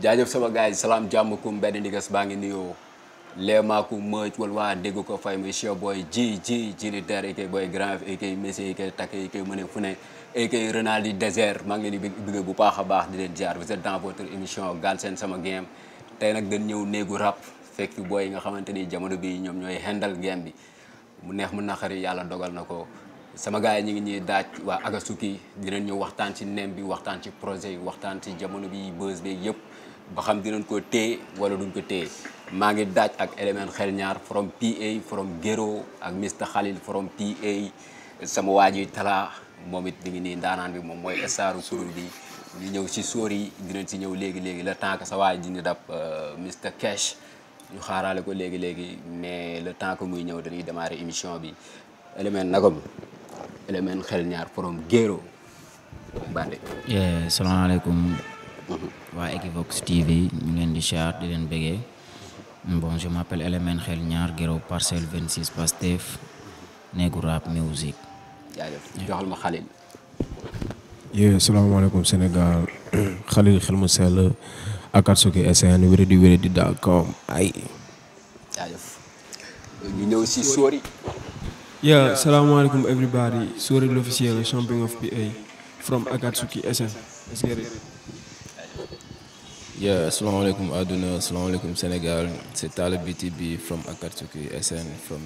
jaajëf sama gars yi salaam jàmm kum benn ndigas baa ngi nuyoo leemaaku mëj wala waa dégg ko fay muy chef booy ji ji ji di terre ikay booy grand ikay messi ikay takk ikay mëne fu ne ikay renal di désert maa ngi leen di bëgg bu baax a baax di leen jaar vous êtes dans votre émission seen Sama Game tey nag dañ ñëw néegu rap fekk fi booy yi nga xamante ni jamono bi ñoom ñooy xendal game bi mu neex mu naqari yàlla dogal na ko sama gars yi ñu ngi ñuy daaj waa Akatsuki dinañ ñëw waxtaan ci nem bi waxtaan ci projet yi waxtaan ci jamono bi buzz bi yëpp ba xam dinañ ko téye wala duñ ko téye maa ngi daaj ak élément xel ñaar from PA from Gero ak Mr Khalil from PA sama waa ji Talla moom it mi ngi nii ndaanaan bi moom mooy staru kuréel bi ñu ñëw si sóor yi dinañ si ñëw léegi léegi la temps que sa waa ji ni dab euh, Mr Cash ñu xaaraale ko léegi léegi mais le temps muy ñëw dañuy démarrer émission bi élément nagam élément xel ñaar from Gero Bande. salaamaaleykum. Mhm. waa Equivox TV ñu leen di char di leen béggee bon je m'appelle Elémène Xel Ñaar Guéréo parcel 26 Pastef néegu rap music jaajëf joxal ma Xalil yé salaamaaleykum Sénégal Xalil xel mu sell Akatsuki SN wéré di wéré di daa kawam ay jaajëf ñu ñëw si Sori yeah salaamaaleykum from Akatsuki SN Yeah, Assalamualaikum Aduna, Assalamualaikum Senegal. C'est Talib BTB from Akartuki SN from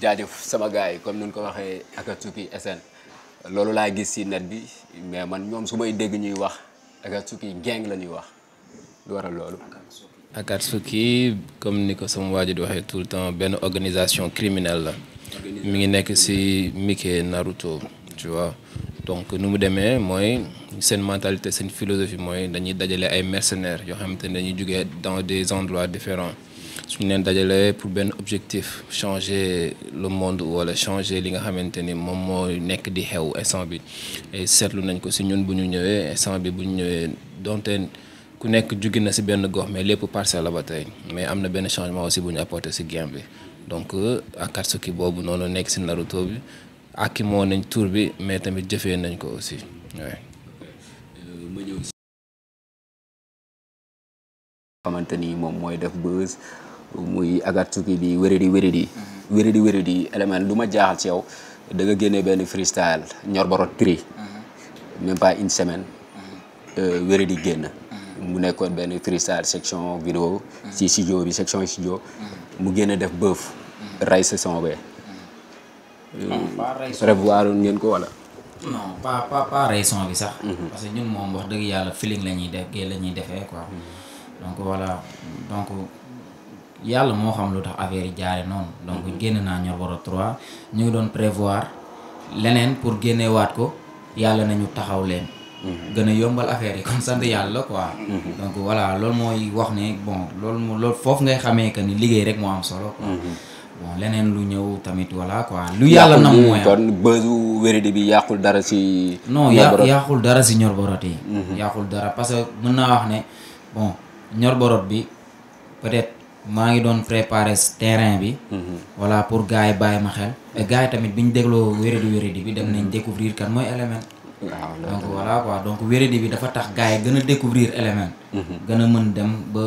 jaajëf sama gars yi comme ni ñu ko waxee Akatsuki SN loolu laa gis ci net bi mais man ñoom su may dégg ñuy wax Akatsuki gang la ñuy wax lu waral loolu. Akatsuki comme ni ko sama waa ji di waxee tout le temps benn organisation criminelle la mi ngi nekk ci Mickey Naruto tu vois donc nu mu demee mooy. seen mentalité seen philosophie mooy dañuy dajale ay mercenaires yoo xamante ni dañuy jógee dans des endroits différents suñu leen dajalee pour benn objectif changer le monde wala changer li nga xamante ni moom moo nekk di xew instant bi seetlu nañ ko si ñun bu ñu ñëwee instant bi bu ñu ñëwee donte ku nekk juggi na si benn gox mais lépp parcelle la ba tey mais am na benn changement aussi bu ñu apporté si game bi donc Akatsuki boobu noonu nekk si Naruto bi akki moo nañ tur bi mais tamit jëfee nañ ko aussi xamante ni moom mooy def buzz muy Akatsuki bi wéradi wéradi wéradi wéradi élément lu ma jaaxal ci yow danga nga génnee benn freestyle ñor borot tri même pas une semaine euh, wéradi génn mu nekkoon benn freestyle section vidéo ci studio bi section studio mu génn def bëf ray sa son bee euh, revoir ngeen ko wala pas pas son bi sax mhm. parce que ñun moom wax dëgg yàlla feeling la ñuy def la ñuy defee quoi mhm. donc voilà donc yàlla moo xam lu tax affaire jaare noonu donc mhm. génn naa Nioro 3 ñu ngi doon prévoir leneen pour génneewaat ko yàlla nañu taxaw leen mhm. gën a yombal affaire yi kon mhm. yàlla la quoi donc voilà loolu mooy wax ni bon loolu moo loolu foofu ngay xamee que ni liggéey rek moo am solo quoi bon leneen lu ñëw tamit voilà quoi lu yàlla nam mooy kon bësu wéridi bi yàqul dara si non yàqul dara si Nioro Borote yi yàqul dara parce que mën naa wax ne bon ñor borot bi peut-être maa ngi doon préparer terrain bi. Mhm. voilà pour gars yi bàyyi ma xel. mais gars yi tamit bi ñu dégloo wéredi wéredi bi dem nañ mhm. découvrir kan mooy élément. waaw ah, donc voilà quoi donc wéredi bi dafa tax gars yi gën a découvrir élément. Mhm. gën a mën dem ba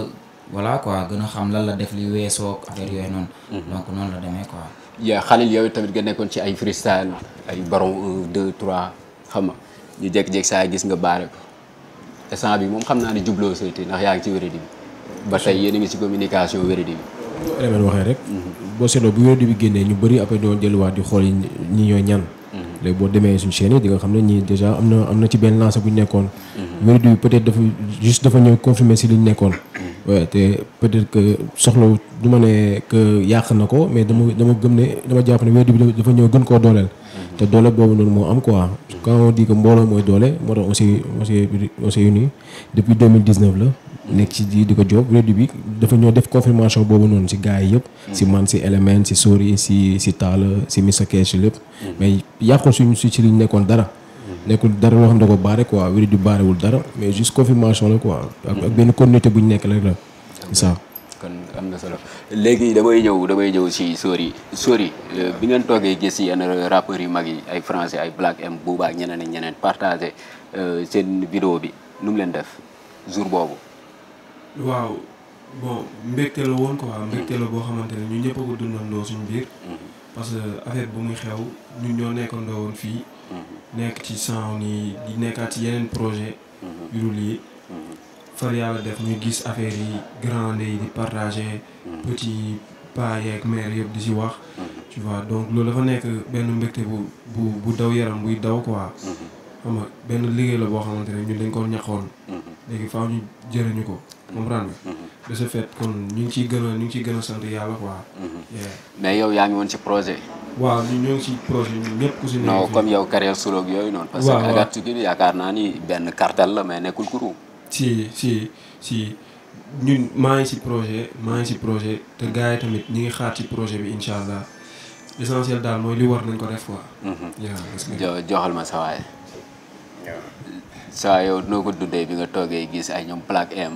voilà quoi gën a xam lan la def li weesoo affaire yooyu noonu. donc noonu la demee quoi. yaa Khalil yooyu tamit nga nekkoon ci ay freestyle ay baron 1 2 3 xam nga ñu jékki-jékki saa gis nga baare ko. instant bi moom xam naa ne jubloo seeti ndax yaa ngi ci wéradi bi ba tey yéen ngi ci communication wéradi bi waxee rek mhm. boo seetloo bu wéradi bi génnee ñu bëri après doon waa di xool ñi ñooy ñan mhm. léegi boo demee suñu chaîne yi nga xam ne ñii déjà am na am na ci benn lancé bu ñu nekkoon mhm. wéradi bi peut-être dafa juste dafa ñëw confirmer si li ñu nekkoon waaw te peut-être que soxla du ma ne que yàq na ko mais dama dama gëm ne dama jàpp ne wéradi bi dafa ñëw gën koo dooleel te doole boobu noonu moo am quoi quand on dit mbooloo mooy doole moo tax on s'est on s'est on s'est uni depuis 2019 la nekk ci di ko job rédu bi dafa ñoo def confirmation boobu noonu si gars yi yëpp si man si élément si sori si si taala si Mr Cash lépp mais yàqul suñu su ci liñ nekkoon dara nekkul dara loo xam ne ko baare quoi wéri baarewul dara mais juste confirmation la quoi ak benn continuité bu ñu nekk rek la ça kon am na solo léegi damay ñëw damay ñëw si sori sori euh, bi ngeen toogee gis yenn rappeurs yu mag yi ay français ay Black M Booba ak ñeneen ak ñeneen partagé euh, seen vidéo bi nu mu leen def jour boobu. waaw bon mbégte woon quoi. Hmm. mbégte la boo xamante ne ñu ñëpp ko dundandoo suñu biir. Hmm. parce que affaire bu muy xew ñu ñoo nekkandoo woon fii. Hmm. nekk ci sens nii di nekkaat ci yeneen projet yu yi far yàlla def ñu gis affaire yi grande yi di partager mm-hmm. petit paa yeeg mère yëpp di si wax ci mm-hmm. vois donc loolu dafa nekk benn mbégte bu bu bu daw yaram buy daw ko mm-hmm. xam nga benn liggéey la boo xamante ne ñun dañ ko ñaxoon léegi faaw ñu jëriñu ko comprendre nga de ce fait kon ñu ngi ciy gën a ñu ngi ciy gën a sant yàlla quoi mais yow yaa ngi woon ci projet waaw ñu ñoo ngi ci projet ñun ñëpp ku si non comme yow carrière solo ak yooyu noonu parce que Agathe Tuggi yaakaar naa ni benn cartel la mais nekkul kuru ci ci ci ñun maa ngi si projet maa ngi si projet te gars yi tamit ñi ngi xaar ci projet bi incha allah l'essentiel daal mooy li war nañ ko def quoi. waaw mhm. joxal ma sa waay. yow noo ko dundee bi nga toogee gis ay ñoom plaque M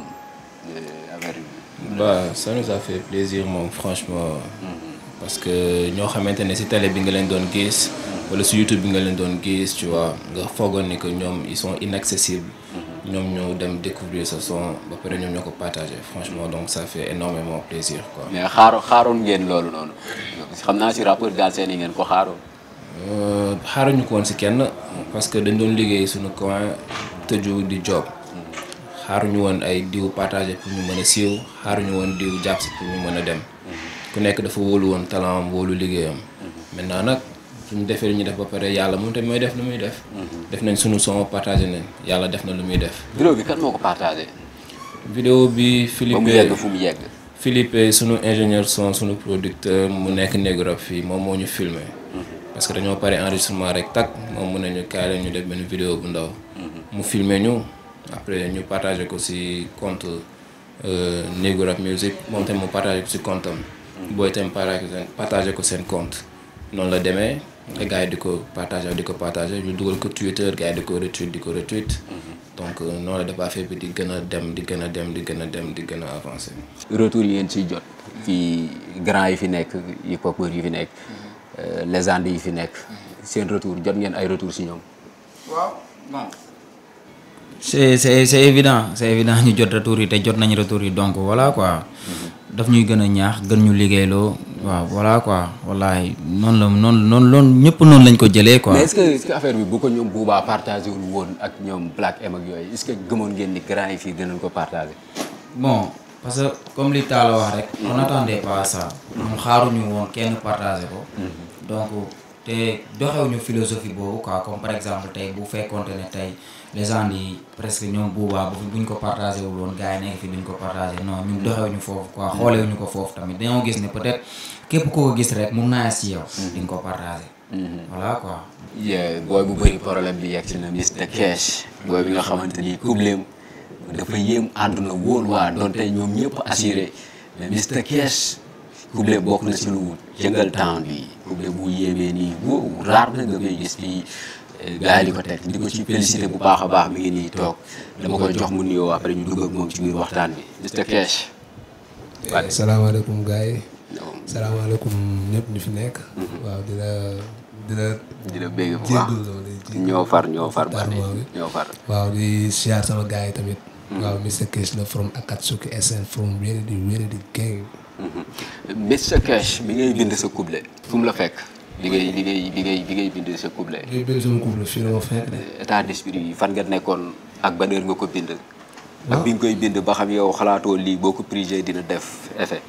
euh, affaire bi. waaw ça fait plaisir moom franchement. Mhm. parce que ñoo xamante ne si télé bi nga leen doon gis. wala si YouTube bi nga leen doon gis tu vois nga foogoon ni que ñoom ils sont inaccessibles. Mhm. ñoom ñoo dem découvrir sa son ba pare ñoom ñoo ko partagé franchement donc ça fait énormément plaisir quoi. mais xaaru ngeen loolu noonu xam naa si rappeur Galsen yi ngeen ko xaaroon. Euh, xaaruñu ko woon si kenn parce que dañ doon liggéey suñu coin tëju di job xaaruñu woon ay diw partagé pour ñu mën a siiw xaar ñu woon diw jàpp si pour ñu mën a dem mhm. ku nekk dafa wóolu woon talent am wóolu liggéeyam mhm. maintenant nag. suñu defee lu ñuy def ba pare yàlla moom tamit mooy def lu muy def. Mhm. def nañ suñu son partagé nañ yàlla def na lu muy def. vidéo bi kan moo ko partagé. vidéo mu yegg fu mu suñu ingénieur son suñu producteur mu nekk Negro fii moom moo ñu filmé. Mhm. parce que dañoo pare enregistrement rek tak moom mu ne ñu kaay leen ñu def benn vidéo bu ndaw. Mhm. mu filmé ñu après ñu partagé ko ci compte euh, Negro Rap Music moom tamit mu partagé ko ci compte am. booy itam partagé ko seen conte noonu la demee. gars yi di ko partagé di ko partagé yu dugal ko Twitter gars yi di ko retweet di ko retweet. Mhm. donc euh, noonu la dafa affaire bi di gën a dem di gën a dem di gën a dem di gën a avancé. retour yi ngeen ciy jot. fii grand yi fi nekk yi popeur yi fi nekk. Mhm. Euh, légende yi fi nekk. seen retour jot ngeen ay retour si ñoom. waaw non. c'est c'est c'est évident c'est évident ñu jot retour yi te jot nañu retour yi donc voilà quoi. Mhm. daf ñuy gën a ñaax gën ñu liggéeyloo. waaw voilà quoi wallaahi noonu la noonu noonu loolu ñëpp noonu lañ ko jëlee ko mais est que affaire bi bu ko ñoom Bouba partagé wul woon ak ñoom Black M ak yooyu est que gëmoon ngeen ni grand yi fii dinañ ko partagé. bon parce que comme li Talla wax rek. on n'attendait pas ça. ñun xaaruñu woon kenn partagé ko. Mhm. donc te doxewuñu philosophie boobu quoi comme par exemple tey bu fekkonte ne tey. légende yi presque ñoom boobaa bu buñ ko partagé wul woon gars yi nekk fi duñ ko partagé non ñun mm. doxewuñu foofu quoi xoolewuñu ko foofu tamit dañoo gis ne peut-être képp koo gis rek mun naa si yow. Mm. di nga ko partagé. Mm-hmm. voilà quoi. bu bëri problème bi yegg si na Miss The Cash booy bi nga xamante ni problème dafa yéem àdduna woon waa donte ñoom ñëpp assuré mais Miss Cash Coublé bokk na si lu jëngal temps bi Coublé bu yéemee nii wow raar na nga koy gis fii. gaa yi di ko teg di ko ci félicité bu baax a baax mi ngi nii toog dama koy jox mu nuyoo après ñu dugg ak moom ci biir waxtaan bi Mr Cash. waaw salaamaaleykum gars yi. salaamaaleykum ñëpp ñu fi nekk. Mhm. waaw di la di la. di la bégg bu baax ñoo siyaar sama gars yi tamit. Mhm. waaw Mr Cash la from Akatsuki SN from wéeré di wéeré di gang. Mr Cash mi ngay bind sa couplet fu la fekk. liggéey ngay liggéey ngay li ngay li ngay bind sa couplet. li bind sama couplet fii la yi fan nekkoon ak ban ko bind. ak bi nga koy bind ba xam yow xalaatoo lii boo ko prisé dina def effet.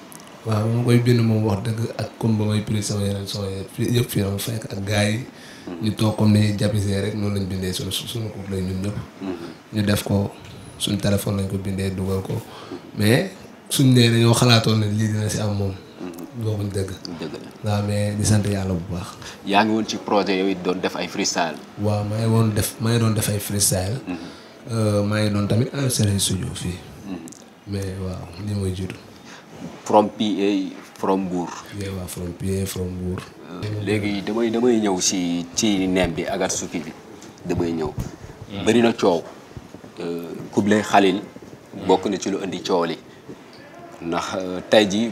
bind moom wax dëgg ak comme ba may prise sama yeneen sama yeneen yëpp ak gars yi. Hmm. ñu toog comme ni jàppisee rek noonu lañ bindee suñu suñu couplet ñun ñëpp. Hmm. ñu def ko suñ téléphone lañ ko bindee dugal ko mais suñ nee dañoo xalaatoo ne lii dina si am moom. waxul dëgg. dëgg waaw mais di sant yàlla bu baax. yaa ngi woon ci projet yooyu doon def ay freestyle. waaw maa ngi woon def may ngi doon def ay freestyle. Mhm. Euh, maa ngi doon tamit enregistré studio mhm. mais waaw li mooy jiitu. from PA from from PA euh, léegi damay damay ñëw si ci neem bi Akatsuki bi damay ñëw. Mm. bëri na coow. Euh, Kublai Khalil. bokk na ci lu indi coow li ndax tey jii.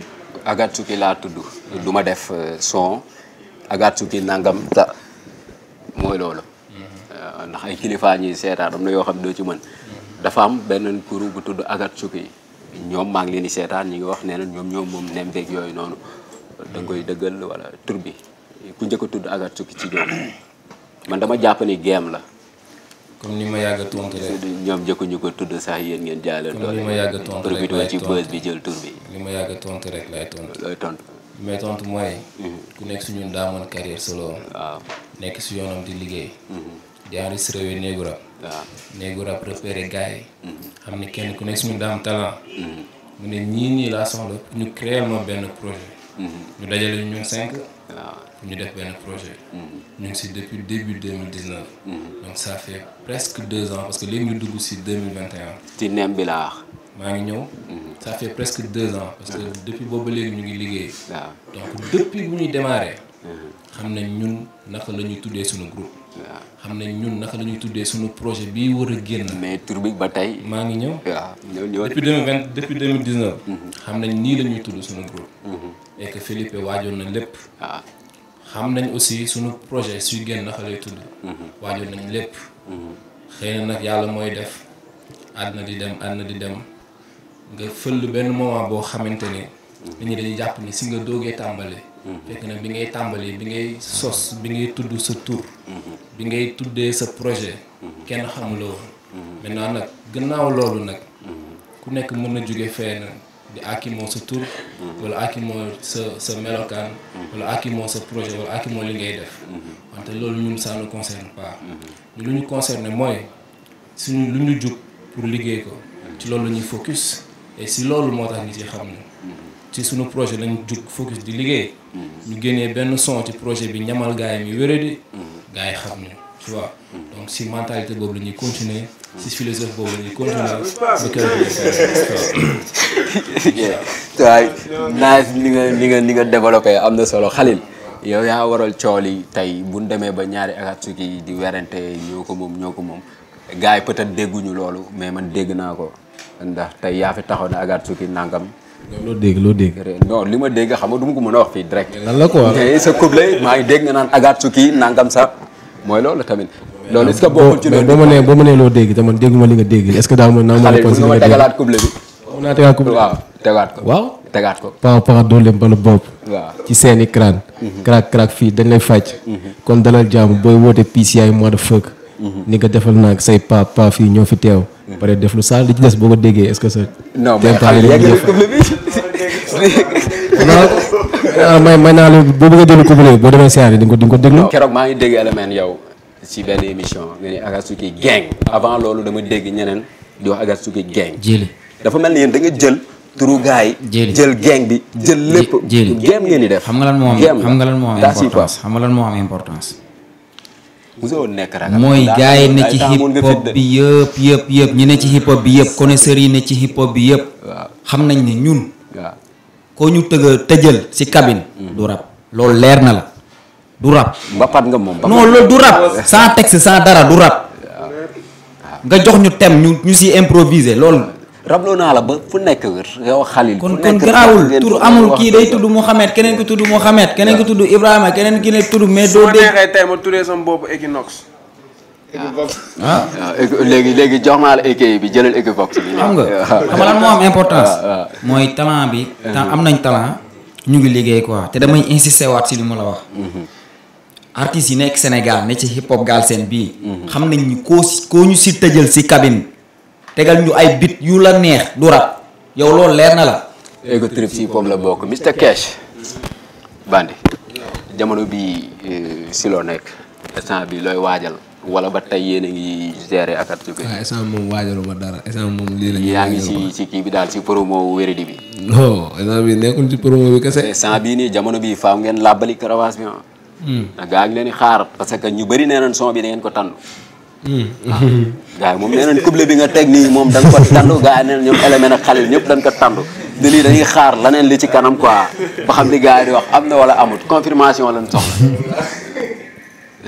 suki laa tudd. duma def euh, son Agatsuki nangam ta mooy loolu. Euh, ndax ay kilifaa ñuy seetaan am na yoo xam ne doo ci mën. dafa am benn kuru bu tudd suki ñoom maa ngi leen di seetaan ñi ngi wax nee na ñoom ñoom moom nembeeg yooyu noonu. da nga wala tur ku njëkk a tudd Agatsuki ci ñoom man dama jàpp ni game la. comme ni ma yàgg a tontu rek ñoom njëkkuñu ko tudd sax yéen ngeen jaale doole li ma yàgg a tontu rek laay tontu bi jël tur bi li ma yàgg a tontu rek laay tontu looy tontu mais tontu mooy mhm. ku nekk si ñun daa mën carrière solo nekk si yoonam di liggéey mhm. di enregistré wu néegu rab waaw néegu rab repéré gars mhm. xam ne kenn ku nekk si ñun daa am talent mu ne ñii nii laa soxla ñu créer ma benn projet ñu dajale ñun cinq ñu def benn projet. Mm-hmm. ñu ngi si depuis début de mille dix neuf. Mm-hmm. donc ça fait presque deux ans parce que léegi ñu dugg si deux mille vingt et un. ci nem bi laa maa ngi ñëw. Mm-hmm. ça fait deux ans parce que depuis boobu léegi ñu ngi liggéey. donc depuis bu ñuy démarré. xam na ñun naka la ñuy tuddee sunu groupe. waaw xam nañ ñun naka lañuy tuddee suñu projet bi war a génn. mais tur bi ba tey. maa ngi ñëw waaw ñëw depuis deux mille dix neuf. xam nañ nii la ñuy tudd suñu groupe. et que Felipe waajoon na lépp. waaw xam nañ aussi suñu projet suy génn na lay tudd. Mhm. waajal nañ lépp. Mhm. xëy na nag yàlla mooy def àdduna di dem àdduna di dem nga fël benn moment boo xamante ni mhm. nit dañuy jàpp ni si nga doogee tàmbali. fekk na bi ngay tàmbalee bi ngay sos bi ngay tudd sa tur. bi ngay tuddee sa projet. kenn xamuloo woon. maintenant nag gannaaw loolu nag. ku nekk mën na jóge na di akimoo sa tur wala akimoo sa sa melokaan wala akimoo sa projet wala akimoo li ngay def wante loolu ñun ça ne concerne pas ñu lu ñu concerne mooy su suñu lu ñu jug pour liggéey ko ci loolu la ñuy focus et si loolu moo tax nit yi xam ne ci suñu projet lañ jug focus di liggéey ñu génnee benn son ci projet bi ñamal gaay mi wéré gaay xam ne tu si mentalité boobu la ñuy continuer si philosophe boobu la continuer ba kër gi. waaw naaj li nga li nga li nga développé am na solo Khalil yow yaa waral cool yi tey bu ñu demee ba ñaari Akatsuki yi di werante ñoo ko moom ñoo ko moom gars yi peut dégguñu loolu mais man dégg naa ko ndax tey yaa fi taxaw ne Akatsuki nangam. loo dégg loo dégg. non li ma dégg xam nga du ma ko mën a wax fii direct. lan la quoi mais sa couple maa dégg nga naan Akatsuki nangam sax. mooy loolu tamit. loolu est-ce que bokkul ci loolu. boo ma nee boo ma nee loo dégg te dégguma li nga dégg est-ce que daal man. naa ma la conseillé nga bi mun naa tegaat ko waaw. tegaat ko par rapport ak doole mbala bopp. waaw ci seeni crâne. Mhm. crac crac fii dañ lay fàcc. Mhm. kon dalal jàmm booy woote PCI mois de fëkk. ni nga defal naag say pa pa fii ñoo fi teew. Mhm. pare def lu saal li ci des boo ko déggee est-ce que sa. non mais xale yegg na couple bi. non euh, may naa la boo bëggee déglu couplet boo demee siyaar yi di nga ko di nga maa ngi dégg Element yow émission nga ni Akatsuki loolu dama dégg ñeneen di wax Akatsuki gang. jëli dafa mel ni yéen da nga jël turu gaay yi. jël gang bi jël lépp. jëli game ngeen di def. xam nga lan moo am xam nga lan moo am xam nga lan moo am importance. mooy gars yi ne ci hip hop bi yëpp yëpp yëpp ñi ne ci hip hop bi yëpp connaisseurs yi ne ci hip hop bi yëpp. xam nañ ne ñun. koo ñu tëgg tëjal si kabin mm. du rab loolu leer na la du rab. mbapat nga moom non loolu du rab sans texte sans dara du rab. Ah. nga jox ñu tem ñu ñu si improviser loolu. rabloo naa la ba fu nekk yow xalil kon kon garaawul tur amul kii day tudd Mouhamed keneen ko tudd Mouhamed keneen ko tudd Ibrahima keneen ki ne tudd mais doo dee. soo neexee tey ma tuddee sama bopp Equivox ah. Ah, léegi léegi jox naa la équipe bi jëlal Equivox bi. xam nga ah. xam moo am importance. mooy talent bi. temps am nañ talent ñu ngi liggéey quoi te damay insister waat si li mu la wax. Mhm. artistes yi nekk Sénégal ne ci hip hop Galsen bii. Mhm. xam nañ ni koo si koo ñu si tëjël si cabine. tegal ñu ay bit yu la neex du rap yow loolu leer na la. Ego Trip la bokk Mr Cash. Bandi jamono bii si euh, nekk instant bi looy waajal. wala ba tey yéen a ngi gérer ak at. waaw instant moom waajaluma dara instant moom lii la ñuy. kii bi daal si promo wéredi bi. non instant bii nekkul ci promo bi kese. instant bii nii jamono bii faam ngeen làbbali Caravas bi ah. Hmm. ah gaa ngi leen xaar parce que ñu bëri nee nañ son bi ngeen ko tànn. waaw hmm. ah, moom nee nañ bi nga teg nii moom dañ ko tànn gars yi ñoom élément ak xalil ñëpp dañ ko tànn. de lii dañuy xaar laneen li ci kanam quoi ba xam ni gaa yi wax am na wala amut confirmation la soxla.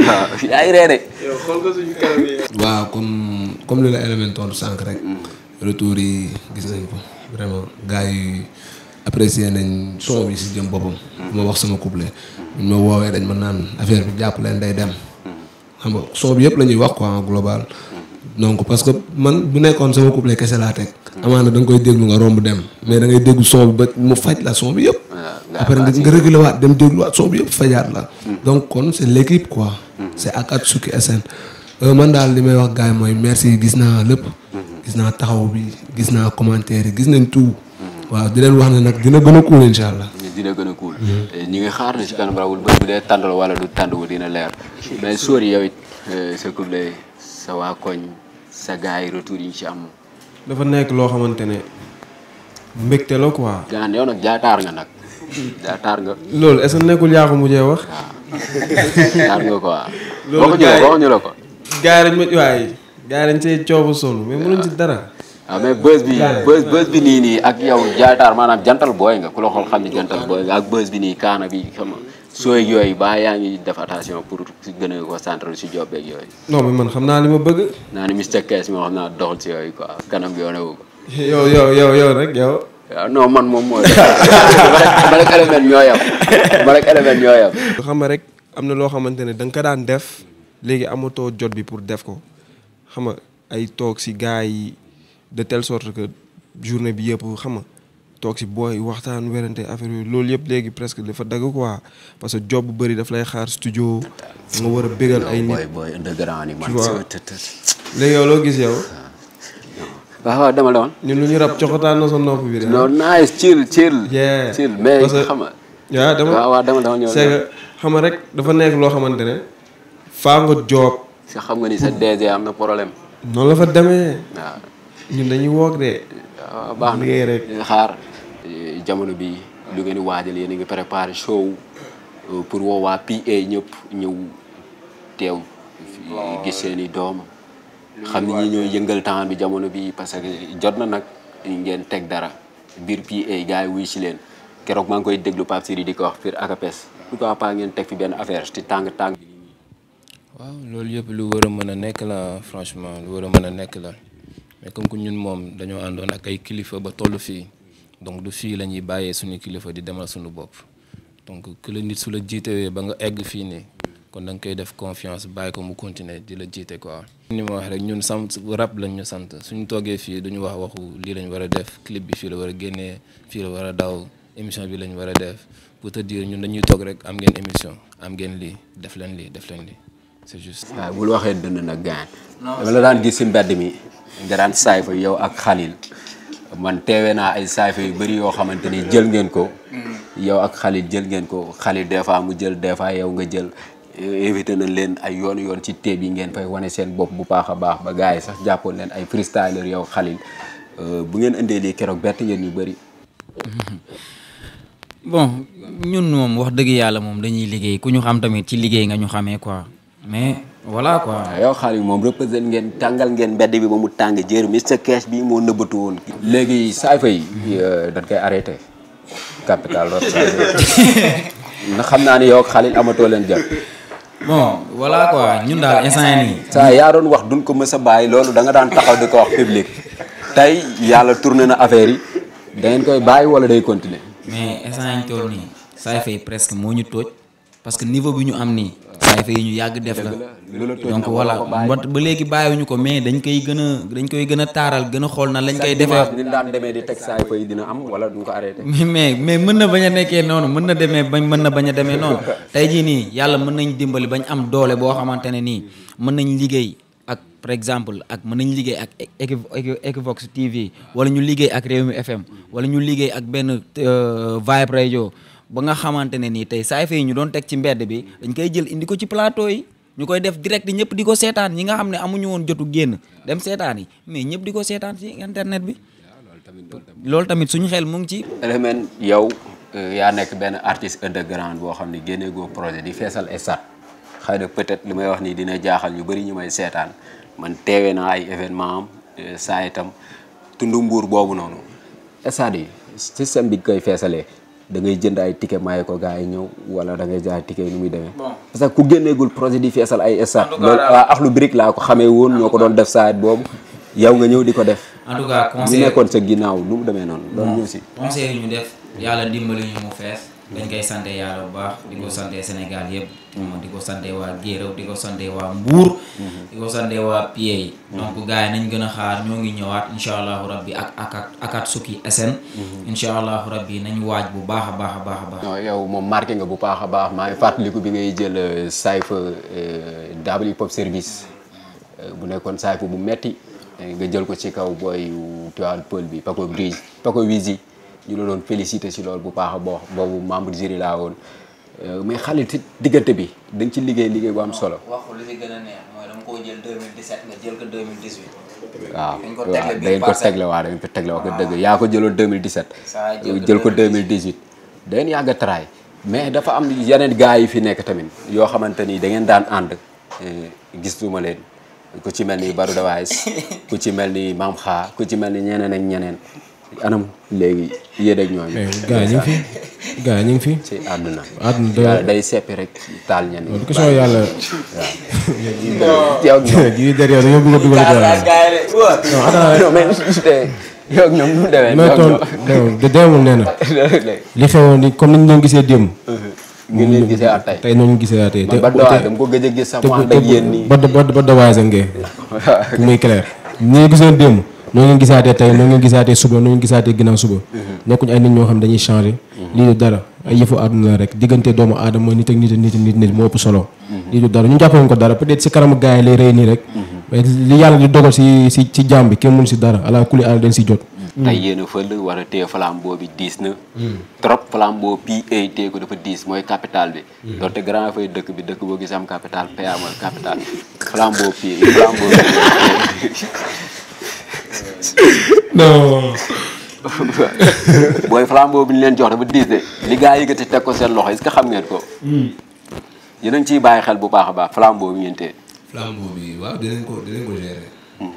waaw yaa ngi comme comme li la élément tontu sànq rek. Mm. retour yi gis nañ ko vraiment gars yi apprécier nañ son bi si jëm boppam. ma mm. wax sama couplet. buñ ma woowee dañ ma naan affaire bi jàpp leen day dem. Mm. xam nga son bi yëpp lañuy wax quoi en global. donc parce que man bu nekkoon sama couplet kese laa teg. amaana da nga koy déglu nga romb dem mais da ngay déglu son ba mu faj la son bi yëpp. après nga nga réguler waat dem dégluwaat son bi yëpp fajaat la. Hmm. donc kon c' est l' équipe quoi. Hmm. c' est Akatsuki SN. Euh, man daal li may wax gars mooy merci gis naa lépp. Hmm. gis naa taxaw bi gis naa commentaire gis nañ tout. waaw di leen wax ne nag dina gën a cool incha allah. dina gën a cool. ngi xaar ne ci kanam rawul ba bu dee tàndal wala du tàndal leer mais sóor yow it euh, sa sa waa koñ. sa gars yi retour yi ci am. dafa nekk loo xamante ne mbégte la quoi. gaan yow nag jaataar nga nag jaataar nga. loolu est-ce que nekkul yaa ko mujjee wax. Ah. jaataar nga quoi. loolu gars yi waxuñu ko. gars yi dañ ma waaye gars yi dañ see coobu sonn mais mënuñ ah. Ah, nii nii ak yow jaataar maanaam jantal booy nga ku la xool xam ne jantal booy nga ak bës bi nii kaana bi xam sooy yooyu baa yaa ngi def attention pour gën a concentré si job beeg yooyu. non mais man xam naa ni ma bëgg. naa ni Mr Kees moo xam naa doxul si yooyu quoi kanam yoone wu ko. yow yow rek yow. man moom mooy man ak élément ñoo yam man ak élément ñoo yam. xam nga rek am na loo xamante ne da nga ko daan def léegi amatoo jot bi pour def ko xam nga ay toog si gars yi de telle sort que journée bi yëpp xam nga toog si booy waxtaan werante affaire yooyu loolu yëpp léegi presque dafa dagg quoi parce que job bu bëri daf lay xaar studio. nga war a bégal ay nit léegi yow loo gis yow. Ah. waaw ñun lu ñu rab coxotaan na sa nopp bi de. Ah. non nice chill chill. xam nga. rek dafa nekk loo xamante ne. faa nga si xam nga ni am na problème. noonu la fa demee. waaw dañuy woog de. baax na liggéey xaar. Eh, jamono bi lu ngeen di waajal yéen a ngi préparé show euh, pour woo waa PA ñëpp ñëw teew. gis seeni doom. xam ni ñi ñooy yëngal temps bi jamono bi parce que jot na nag ngeen teg dara biir PA gaa yi wuy si leen keroog maa ngi koy déglu Pape Siri di ko wax biir akapes pourquoi pas ngeen teg fi benn affaire ci tàng tàng. waaw loolu yëpp lu war a mën a nekk la franchement lu war a mën a nekk la mais comme que ñun moom dañoo àndoon ak ay kilifa ba tollu fii. donc du fii la ñuy bàyyee suñu kilifa di demal suñu bopp donc ku la nit su la jiitewee ba nga egg fii nii kon da nga koy def confiance bàyyi ko mu continuer di la jiite quoi. ni ma rek ñun sant rap lañ ñu sant suñu toogee fii duñu wax waxu lii lañ war a def clip bi fii la war a génnee fii la war a daw émission bi lañ war a def pour te dire ñun dañuy toog rek am ngeen émission am ngeen lii def leen lii def leen lii c'est juste. waaw bul waxee dënd nag gaañ. dama la daan gis si mbedd mi nga daan saay fa yow ak Khalil. man teewee na ay saafe yu bëri yoo xamante ni jël ngeen ko. yow ak xalit jël ngeen ko xalit des fois mu jël des fois yow nga jël. invité nañ leen ay yoon yoon ci teeb yi ngeen fay wane seen bopp bu baax a baax ba gars yi sax jàppoon leen ay freestyler yow xalil euh, bu ngeen indee lii keroog bett ngeen yu bëri. bon ñun moom wax dëgg yàlla moom dañuy liggéey ku ñu xam tamit ci liggéey nga ñu xamee quoi mais. voilà quoi waaw yow xaalis moom représenté ngeen tàngal ngeen mbedd bi ba mu tàng jër Mr Cash bi moo nëbbatu woon. léegi saay yi euh, dañ koy arrêté capital na xam naa ne yow xaalis amatoo leen jot. bon voilà quoi ñun daal instant yii nii. saa yaa doon wax duñ ko mës a bàyyi loolu da nga daan taxaw di ko tey yàlla tourné na affaire yi da ngeen koy bàyyi wala day continuer mais instant yi presque moo ñu tooj parce que niveau bi ñu am nii. sacrifice yi ñu yàgg def la donc voilà wat ba léegi bàyyiwuñu ko mais dañ koy gën dañ koy gën a taaral gën a xool na lañ koy defee di yi dina am wala duñ ko arrêté mais mais mën na bañ a nekkee noonu mën na demee bañ mën na bañ a demee noonu tey jii nii yàlla mën nañ dimbali bañ am doole boo xamante ne nii mën nañ liggéey ak par exemple ak mën nañ liggéey ak Equivox TV wala ñu liggéey ak Rewmi FM wala ñu liggéey ak benn euh, Vibe Radio ba nga xamante ne nii tey saay fay ñu doon teg ci mbedd bi dañ koy jël indi ko ci plateau yi ñu koy def direct ñëpp di ko seetaan ñi nga xam ne amuñu woon jotu génn dem seetaani yi mais ñëpp di ko seetaan ci internet bi loolu tamit suñu xel mu ngi ci Element yow euh, yaa nekk benn artiste underground boo xam ne génne goo projet di feesal estat xëy na peut-être li may wax nii dina jaaxal ñu bëri ñu may seetaan man teewee na ay événement am euh, saa itam tundu mbuur boobu noonu estat yi système bi koy feesalee da ngay jënd ay ticket maye ko gars yi ñëw wala da ngay jënd ay ticket nu muy demee. parce que ku génneegul projet di feesal ay stade. loolu waa Akhlou Brick laa ko xamee woon ñoo ko doon def saa boobu. yow nga ñëw di ko def. en tout cas nekkoon sa ginnaaw nu mu demee noonu. loolu ñu si yàlla dimbali ñu mu fees dañ koy sante yàlla bu baax di ko sante Sénégal yëpp di ko sante waa Géeraw di ko sante waa Mbuur mhm. di ko sante waa Piye yi mhm. donc gars yi nañ gën a xaar ñoo ngi ñëwaat incha allahu rabbi ak ak Akatsuki SN mhm. incha allahu rabbi nañ waaj bu baax a baax a baax a baax yow moom marqué nga bu baax a baax maa ngi fàttaliku bi ngay jël euh, Saifa double euh, hip hop service euh, bu nekkoon Saifa bu metti nga jël ko ci kaw booy Tivaouane Peulh bi Paco Bridge Paco ñu la doon félicité si lool bu baax a boox boobu membre jury laa woon euh, mais xale ci diggante bi dañ ci liggéey liggéey bu am solo. waxu li a neex ko 2018. waaw waaw da ngeen ko tegle waaw da ngeen ko dëgg yaa ko jëloon 2017. saa jël ko 2018 da ngeen yàgg a taraay mais dafa am yeneen gars yi fi nekk tamit yoo xamante ni da ngeen daan ànd eh, gisuma leen ku ci mel ni Barou Dawaïs ku ci mel ni Mame Kha ku ci mel ni ñeneen ak ñeneen. anam léegi yéen eh, gaa ñu ngi fi gaa ñu ngi fi. ci àdduna. àdduna day seppi rek taal ñenn. waaw question yàlla. waaw. yow ak ñoom kii derrière yow dugal. yow ak ñoom de deewul nee na. li xewoon ni comme ni ñu doon gisee démb. ngeen leen gisee at tey tey noonu gisee at tey. ba dawaase dama ko gëj a gis sama ànd ak gisoon démb. noo ngeen gisaatee tey noo ngeen gisaatee suba noo ngeen gisaatee ginnaaw suba mhm. nekkuñu ay nit ñoo xam dañuy changé mhm. lii du dara ay yëfu àdduna la rek diggante doomu aadama nit ak nit ak nit moo ëpp solo mhm. lii du dara ñu jàppoon ko dara peut-être si kanamu gars yi lay rëy nii rek mais li yàlla di dogal si si si bi kenn mun si dara ala kulli àll dañ si jot tey yéen a fël war a téye flambeau bi diis na trop flambeau PA téye ko dafa diis mooy capital bi doonte grand fay dëkk bi dëkk boo gis am capital PA mooy capital flambeau PA flambeau non. booy flambeau bi ñu leen jox dafa diis de li gaa yëkkati teg ko seen loxo is ce xam ngeen ko. Hmm. yéen a ciy bàyyi xel bu paax a baax flambeau bi ngeen téye. flambeau bi waaw dinañ ko hmm.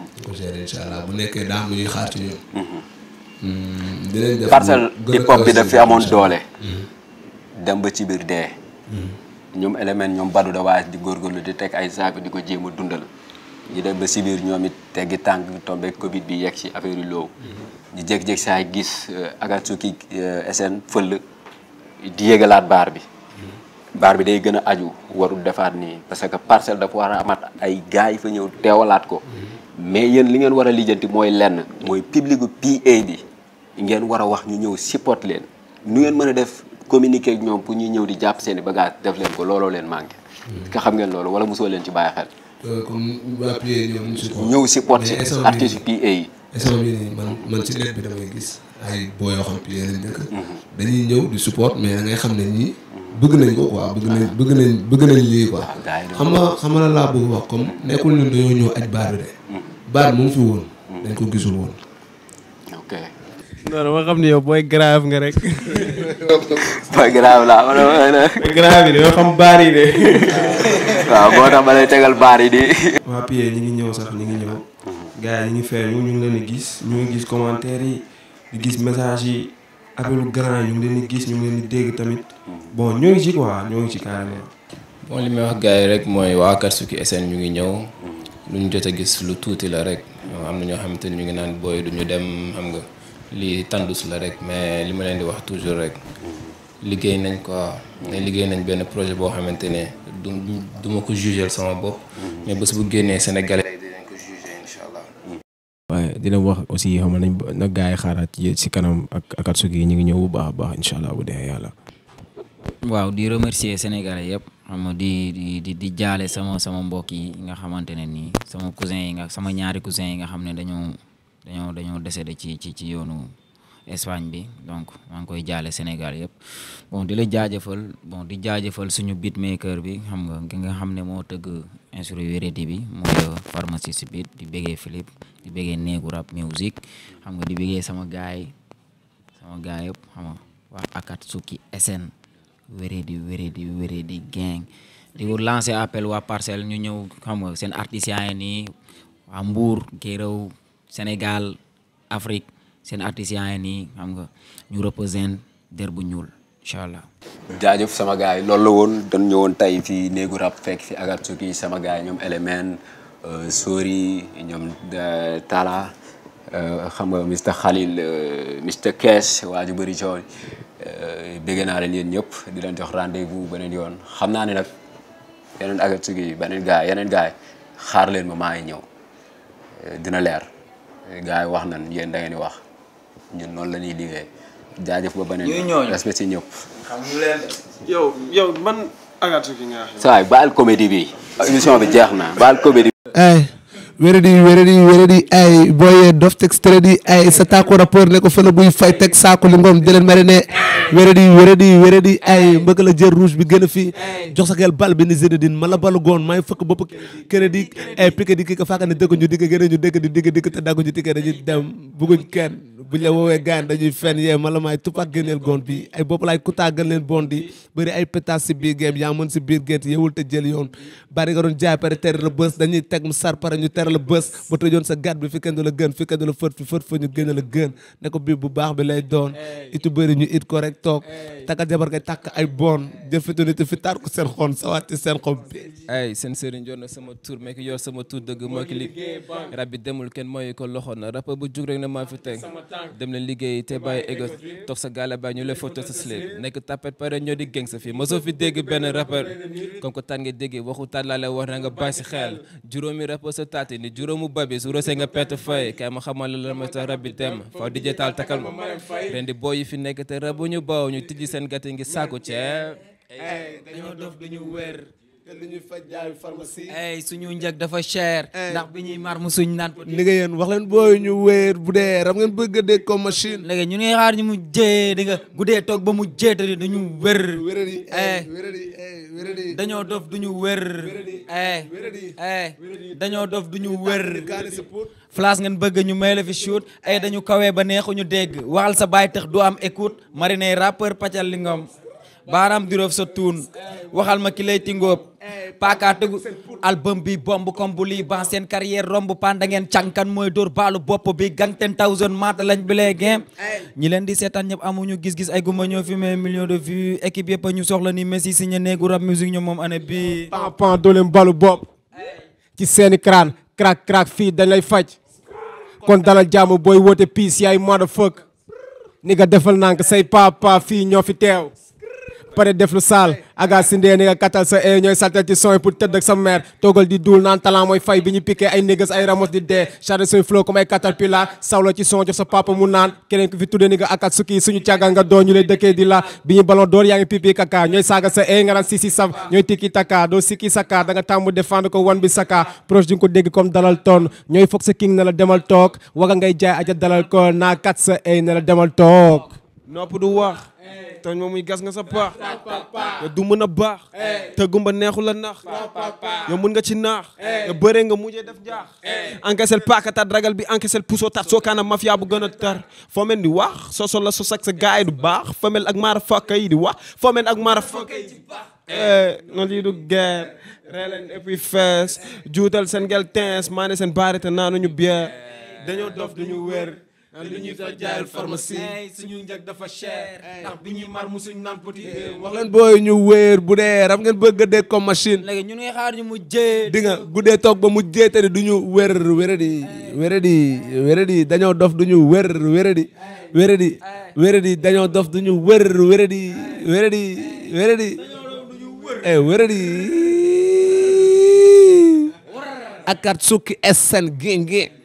bu nekkee daa am lu ñuy xaar ci ñun. Hmm. dinañ def parcelle bi daf fi amoon doole. dem ba ci biir dee. ñoom élément ñoom badu da waay di góorgóorlu di teg ay saako di ko jéem a dundal. ñu dem ba si biir ñoom it teggi tànk tombé Covid bi yegg si affaire yu loow. ñu jékki-jékki saa gis euh, Akatsuki euh, SN fël di yëgalaat baar bi. baar bi day gën a aju warul defaat nii parce que parcelle dafa war a amaat ay gars yi fa ñëw teewalaat ko. mais yéen li ngeen war a lijjanti mooy lenn mooy public gu PA bi ngeen war a wax ñu ñëw support leen nu ngeen mën a def communiquer ak ñoom pour ñu ñëw di jàpp seen i def leen ko looloo leen manqué. nga xam ngeen loolu wala mosoo leen ci bàyyi xel. comme waa PA ñoom ñu support. ñëw support ci artiste PA yi. instant bii nii man ci net bi damay gis ay boo yoo xam PA lañ mhm. dañuy ñëw di support mais da ngay xam ne ñii. bëgg nañ ko quoi bëgg nañ bëgg nañ bëgg nañ lii quoi. Ah, xam nga xam nga laa bëgg wax comme nekkul ñun dañoo ñëw aj baar bi de. Mhm. baar mu ngi fi woon. Mhm. dañ ko gisul woon. non non ma xam ne yow booy grave nga rek. booy grave laa ma yi dañoo xam baar de. waaw boo tax ma lay tegal baar yi ngi ñëw sax ñi ngi ñëw. gars yi ñu ngi feeñu ñu ngi leen gis ñu gis commentaire yi gis message yi appelu grand ñu ngi leen di gis ñu ngi dégg tamit bon ñoo ngi ci quoi ñoo ngi ci carrément. bon li may wax gars rek mooy waa Akatsuki SN ñu ngi ñëw. lu ñu jot a gis lu tuuti la rek. am na ñoo xamante ni ñu ngi naan booy du ñu dem xam nga. lii tandus la rek mais li ma leen di wax toujours rek liggéey nañ quoi ne liggéey nañ benn projet boo xamante ne du du ko jugeel sama bopp mais bés génnee Sénégalais dinañ ko jugé incha allah waaye dina wax aussi xam yi xaaraat ci kanam ak ak Akatsuki ñu ngi ñëw bu baax baax incha bu dee yàlla waaw di remercier Sénégalais yëpp xam nga di di di jaale sama sama mbokk yi nga xamante ne nii sama cousin yi sama ñaari cousin yi nga xam ne dañoo dañoo dañoo décédé ci ci ci yoonu Espagne bi donc maa ngi koy jaale Sénégal yëpp bon di la jaajëfal bon di jaajëfal suñu beatmaker bi xam nga ki nga xam ne moo tëgg instru wérati bi mooy euh, pharmaciste bi di bëggee Philippe di bëggee Néegu Rap Music xam nga di bëggee sama gaay sama gaay yëpp xam nga waa Akatsuki SN wéradi wéradi wéradi gang di ko lancer appel waa parcelle ñu ñëw xam nga seen artisans yi nii waa Mbour Sénégal Afrique seen artisans yi nii xam nga ñu représente der bu ñuul incha allah. jaajëf sama gars yi loolu la woon dañu ñëwoon tey fii néegu rap fekk fi Akatsuki sama gars yi ñoom Element euh, Sori ñoom euh, Tala euh, xam nga Mr Khalil Mr Cash waa ju bëri coow dégg naa leen yen ñëpp di leen jox rendez-vous beneen yoon xam naa ne nag yeneen Akatsuki beneen gars yeneen gars yi xaar leen ma maa ngi ñëw dina leer. Eh, gaa yi wax nan yéen da ngeen di wax ñun noonu la ñuy liggéey jaajëf ba beneen. ñuy ñooñu respect ci ñëpp. xam yow yow man. Agatha baal comédie bi émission bi jeex na baal comédie. wéradi wéradi wéradi ay booyee dof teg tëradi ay sa taako rapport ne ko fële buy fay teg saako li ngoom di leen mari ne wéradi wéradi wéradi ay mbëgg la jël rouge bi gën fi fii sa gel bal bi ni Zinedine ma la balu goon may fëkk bopp crédit ay piqué di kii ko faaka ne dëgg ñu digg gën a ñu di digg dikk te daggu ñu tikkee dañuy dem bugguñ kenn fen yee ma la maay tupac gën leen bi ay bopp laay kutaa gën leen bon di bëri ay pétas si biir game yaa mën si biir te jël yoon bari weer la bés ba tëjoon sa gat bi fi kenn du la gën fi kenn du la fët fi fët ñu gën a la gën ne ko bii bu baax bi lay doon itu bëri ñu it ko rek toog takka jabar kay takk ay boon jël fitu nit fi taar ko seen xon sawaati seen xob bi ay seen sëriñ yor na sama tur mais ki yor li rab bi demul kenn mooy ko loxo na rap bu jug rek na maa fi teg dem leen liggéey te bàyyi égo toog sa gaala bay ñu lay photo sa slip nekk tapet pare ñoo di geng sa fii mosoo fi dégg benn rappeur comme ko taan nga dégg waxu taat laa la wax na nga si xel juróomi rappeur sa taati fàtte ni juróomu babi su rosee nga pett fay kay ma ma sa rabbi tem faw di jëtaal takkal ma ren di boo fi nekk te rabu ñu baaw ñu seen gàtt ngi ceeb eh, te li ñuy faj jaayu pharmacie. suñu njëg dafa cher. ndax bi ñuy mar mu suñ naan ko. léegi yéen wax leen booy ñu wéer bu dee ram ngeen bëgg a dégg comme machine. léegi ñu ngi xaar ñu mu jee di nga guddee toog ba mu jee dañu wér. wéradi wéradi wéradi. dañoo dof du ñu wéradi dañoo dof duñu wér. flash ngeen bëgg ñu may la fi shoot ay dañu kawee ba neex ñu dégg waxal sa baay du am écoute marine rappeur pacal li ngom baaraam duróof sa tuun waxal ma ki lay tingóob paaka tëggu album bi bomb comme bu lii ban seen carrière romb pan da ngeen cànkan mooy dóor baalu bopp bi gang ten thousand maata lañ bi lee ñi leen di seetaan ñëpp amuñu gis-gis ay gumba ñoo fi mais million de vues équipe yëpp ñu soxla ni Messi signé néegu rap musique ñoom moom année bi pampan dooleem baalu bopp ci seeni crâne crack crack fii dañ lay faj kon dalal jàmm booy woote piis yaay motherfuck ni nga defal nank say papa fii ñoo fi teew pare def lu saal aga si ndee ni nga kattal sa e ñooy saltel ci son pour tëdd sa mère toogal di duul naan talent fay bi ñu piqué ay négas ay ramos di dee chargé suñu flow comme ay caterpillar sawla ci son jox sa papa naan keneen ku fi tuddee ni nga akatsuki suñu càggal nga doon ñu lay dëkkee di la bi ñu ballon d'or yaa ngi pipi kaka ñooy saaga sa e nga naan si si saf ñooy tikki taka doo sikki saka da nga tàmbu ko wan bi saka proche di nga ko dégg comme sa na la demal toog waga ngay jaay aja dalal ko naa kat sa e na demal toog nopp du wax tooñ ma muy gas nga sa paax ya du mën a baax te gumba neexul a nax yow mën nga ci naax ya bëre nga mujjee def jaax encaissel paaka tat ragal bi encaissel puso tat soo kaana mafia bu gën a tar foo mel di wax soo solo so sak sa gaay du baax foo mel ak maara fakka yi di wax foo mel ak maara fakka yi di eh, juutal seen gel teens maane ne seen baarite naa ñu bier dañoo dof duñu wér lu ñuy fa jaayal pharmacie suñu njëg dafa cher ndax bi ñuy mar musuñ booy ñu wéer bu dee ram ngeen bëgg a dee comme machine léegi ñun ngay ñu mu jee di nga guddee toog ba mu jee te du ñu wér wére di wére di wére dañoo dof du ñu wér wére di wére di wére di dañoo dof di wére di wére di eh, wére di akat sukki SN gén